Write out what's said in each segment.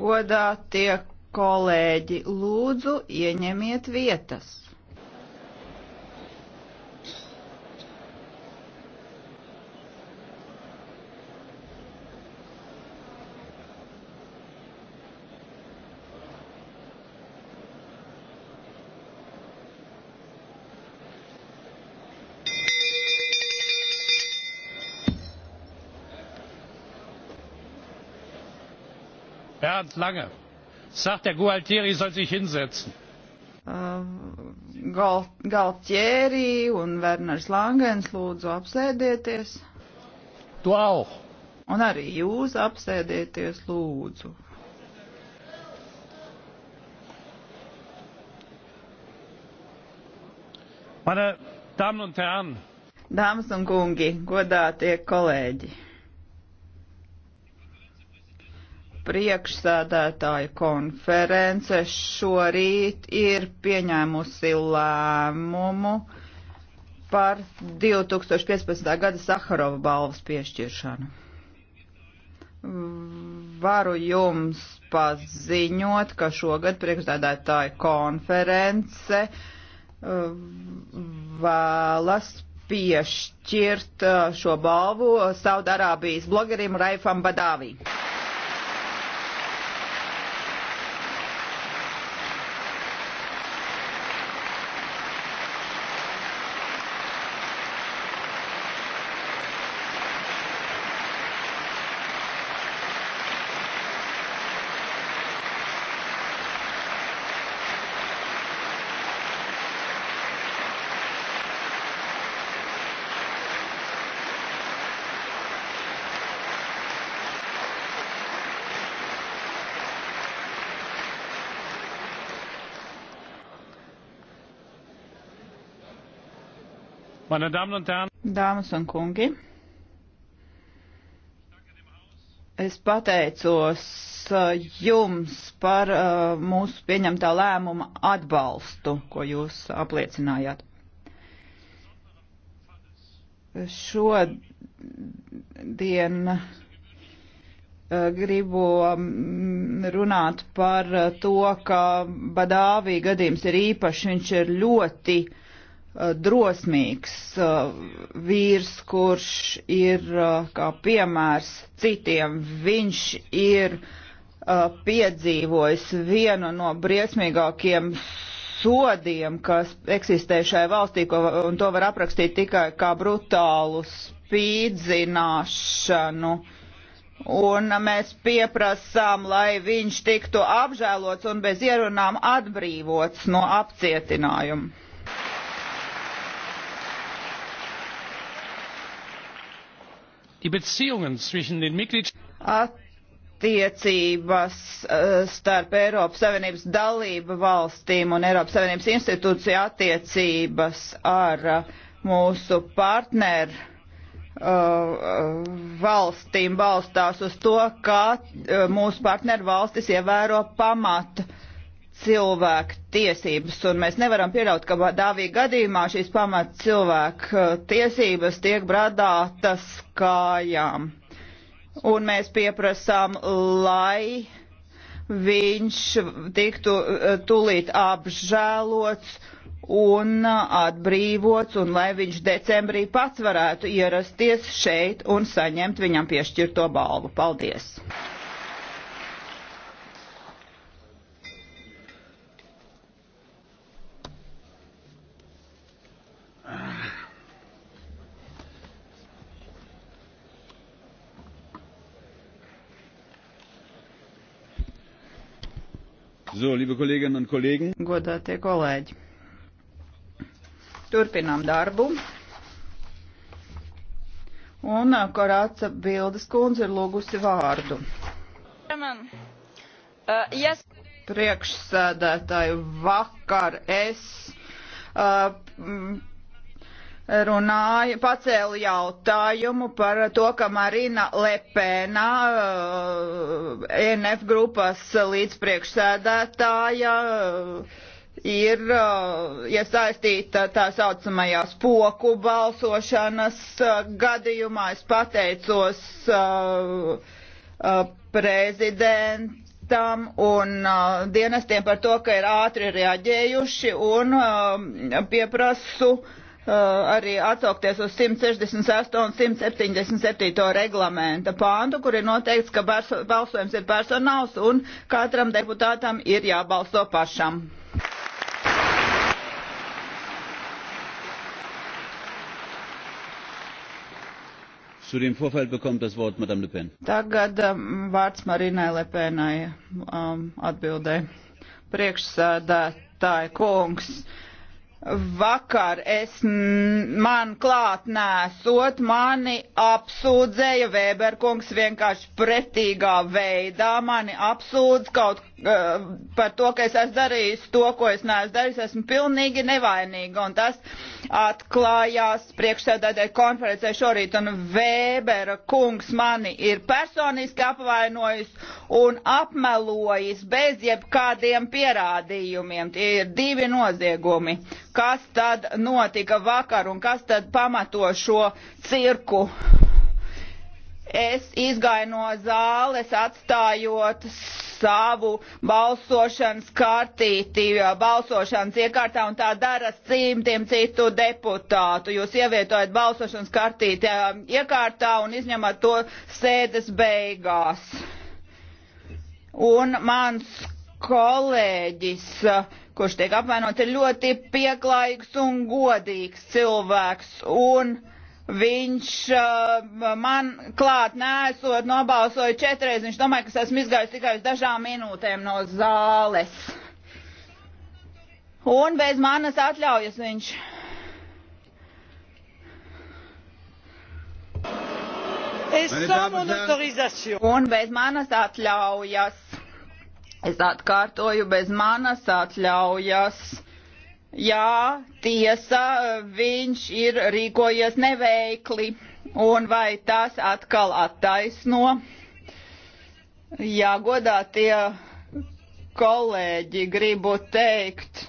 Godā tie kolēģi, lūdzu, ieņemiet vietas. bernd lange sagt der gualtieri soll sich hinsetzen. Uh, Gal, Galtieri un Werners Langens lūdzu apsēdieties. Tu auch. Un arī jūs apsēdieties lūdzu. Meine Damen und Herren. Dāmas un kungi, godātie kolēģi. priekšsēdētāja konference šorīt ir pieņēmusi lēmumu par 2015. gada Saharova balvas piešķiršanu. Varu jums paziņot, ka šogad priekšsēdētāja konference uh, vēlas piešķirt uh, šo balvu Saudarābijas blogerim Raifam Badāvī. Meine Damen und Herren, Dāmas un kungi, es pateicos eh, jums par uh, mūsu pieņemtā lēmuma atbalstu, ko jūs apliecinājāt. Šodien eh, gribu mm, runāt par to, ka Badāvī gadījums ir īpašs, viņš ir ļoti uh, Eh, drosmīgs eh, vīrs, kurš ir eh, kā piemērs citiem. Viņš ir piedzīvojis vienu no briesmīgākiem sodiem, kas eksistē šajā valstī, ko, un to var aprakstīt tikai kā brutālu spīdzināšanu. Un mēs pieprasām, lai viņš tiktu apžēlots un bez ierunām atbrīvots no apcietinājuma. die beziehungen zwischen den mitgliedstaaten attiecības eh, starp Eiropas Savienības dalību valstīm un Eiropas Savienības institūciju attiecības ar eh, mūsu partneru uh, eh, valstīm balstās uz to, ka mūsu partneru valstis ievēro pamata cilvēku tiesības, un mēs nevaram pieļaut, ka dāvī gadījumā šīs pamat cilvēku uh, tiesības tiek bradātas kājām. Un mēs pieprasām, lai viņš tiktu uh, tulīt apžēlots un uh, atbrīvots, un lai viņš decembrī pats varētu ierasties šeit un saņemt viņam piešķirto balvu. Paldies! So, liebe Kolleginnen un Kollegen. Godātie kolēģi. Turpinām darbu. Un uh, Korāca Bildes kundze ir lūgusi vārdu. Uh, yes. Priekšsēdētāju vakar es uh, runāja, pacēla jautājumu par to, ka Marina Lepēna uh, E NF grupas līdzpriekšsēdētāja uh, ir uh, iesaistīta ja tā saucamajā spoku balsošanas uh, gadījumā. Es pateicos uh, uh, prezidentam un uh, dienestiem par to, ka ir ātri reaģējuši un pieprasu Uh, arī atsaukties uz 168 un 177 reglamenta pāntu, kur ir noteikts, ka balsojums ir personāls un katram deputātam ir jābalso pašam. Zu dem Vorfall bekommt das Wort Madame Le Pen. Tagad um, vārds Marinai Lepenai um, atbildē. Priekšsēdētāja kungs. Uh, Vakar es man klāt nesot, mani apsūdzēja Vēberkungs vienkārši pretīgā veidā, mani apsūdz kaut uh, par to, ka es esmu darījis to, ko es neesmu darījis, esmu pilnīgi nevainīga, un tas atklājās priekšsēdētāji konferencē šorīt, un Vēbera kungs mani ir personiski apvainojis un apmelojis bez jebkādiem pierādījumiem. Tie ir divi noziegumi kas tad notika vakar un kas tad pamato šo cirku. Es izgāju no zāles, atstājot savu balsošanas kartīti balsošanas iekārtā, un tā dara simtiem citu deputātu. Jūs ievietojat balsošanas kartīti iekārtā un izņemat to sēdes beigās. Un mans kolēģis uh, kurš tiek apvainots, ir ļoti pieklājīgs un godīgs cilvēks. Un viņš uh, man klāt nēsot nobalsoja četreiz. Viņš domāja, ka es esmu izgājis tikai uz dažām minūtēm no zāles. Un bez manas atļaujas viņš un bez manas atļaujas Es atkārtoju bez manas atļaujas. Jā, tiesa, viņš ir rīkojies neveikli, un vai tas atkal attaisno? Jā, godā tie kolēģi, gribu teikt,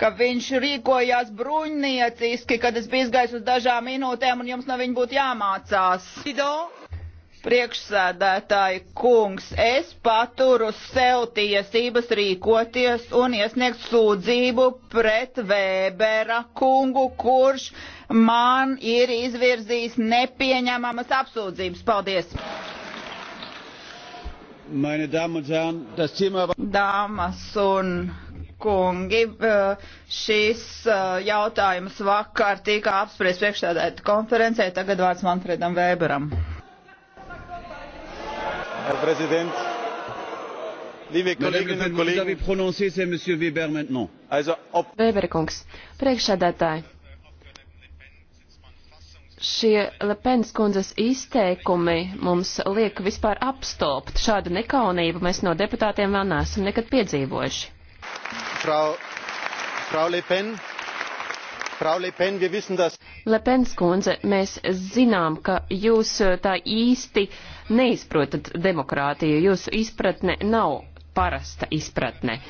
ka viņš rīkojās bruņnieciski, kad es biju izgājis uz dažām minūtēm, un jums no viņa būtu jāmācās. Idol priekšsēdētāji kungs, es paturu sev tiesības rīkoties un iesniegt sūdzību pret Vēbera kungu, kurš man ir izvirzījis nepieņemamas apsūdzības. Paldies! Dāmas un kungi, eh, šis eh, jautājums vakar tika apspriests priekšstādēta konferencē, tagad vārds Manfredam Vēberam herr präsident liebe kolleginnen und kollegen! Also, ob... Weber kungs, priekšsēdētāji, šie Lepens kundzes izteikumi mums liek vispār apstulpt. Šādu nekaunību mēs no deputātiem vēl neesam nekad piedzīvojuši. Frau, Frau Le Pen, Lepens kundze, mēs zinām, ka jūs eh, tā īsti neizprotat demokrātiju, jūsu izpratne nav parasta izpratne.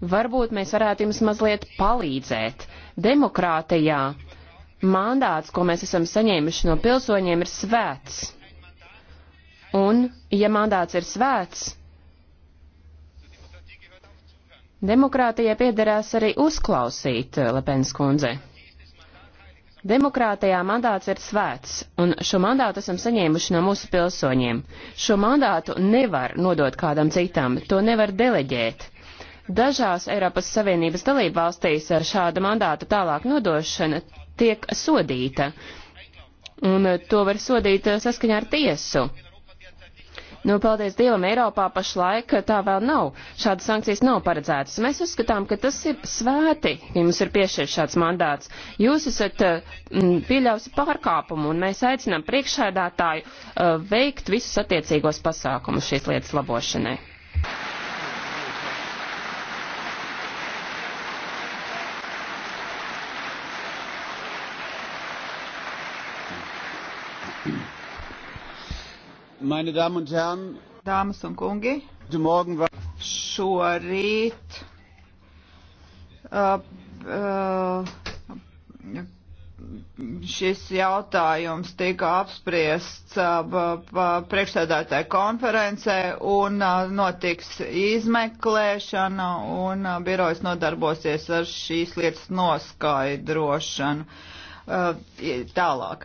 Varbūt mēs varētu jums mazliet palīdzēt. Demokrātijā mandāts, ko mēs esam saņēmuši no pilsoņiem, ir svēts. Un, ja mandāts ir svēts, demokrātijai piederās arī uzklausīt, eh, Lepens kundze. Demokrātijā mandāts ir svēts, un šo mandātu esam saņēmuši no mūsu pilsoņiem. Šo mandātu nevar nodot kādam citam, to nevar deleģēt. Dažās Eiropas Savienības dalībvalstīs šāda mandāta tālāk nodošana tiek sodīta, un to var sodīt saskaņā ar tiesu. Nu, paldies Dievam, Eiropā pašlaik tā vēl nav. Šādas sankcijas nav paredzētas. Mēs uzskatām, ka tas ir svēti, ja jums ir piešķirts šāds mandāts. Jūs esat mm, eh, pieļausi pārkāpumu, un mēs aicinām priekšēdātāju uh, eh, veikt visus attiecīgos pasākumus šīs lietas labošanai. Thank you. Meine Damen und Herren, Dāmas un kungi, šorīt uh, uh, šis jautājums tika apspriests priekšsēdētāja konferencē un notiks izmeklēšana un birojas nodarbosies ar šīs lietas noskaidrošanu tālāk.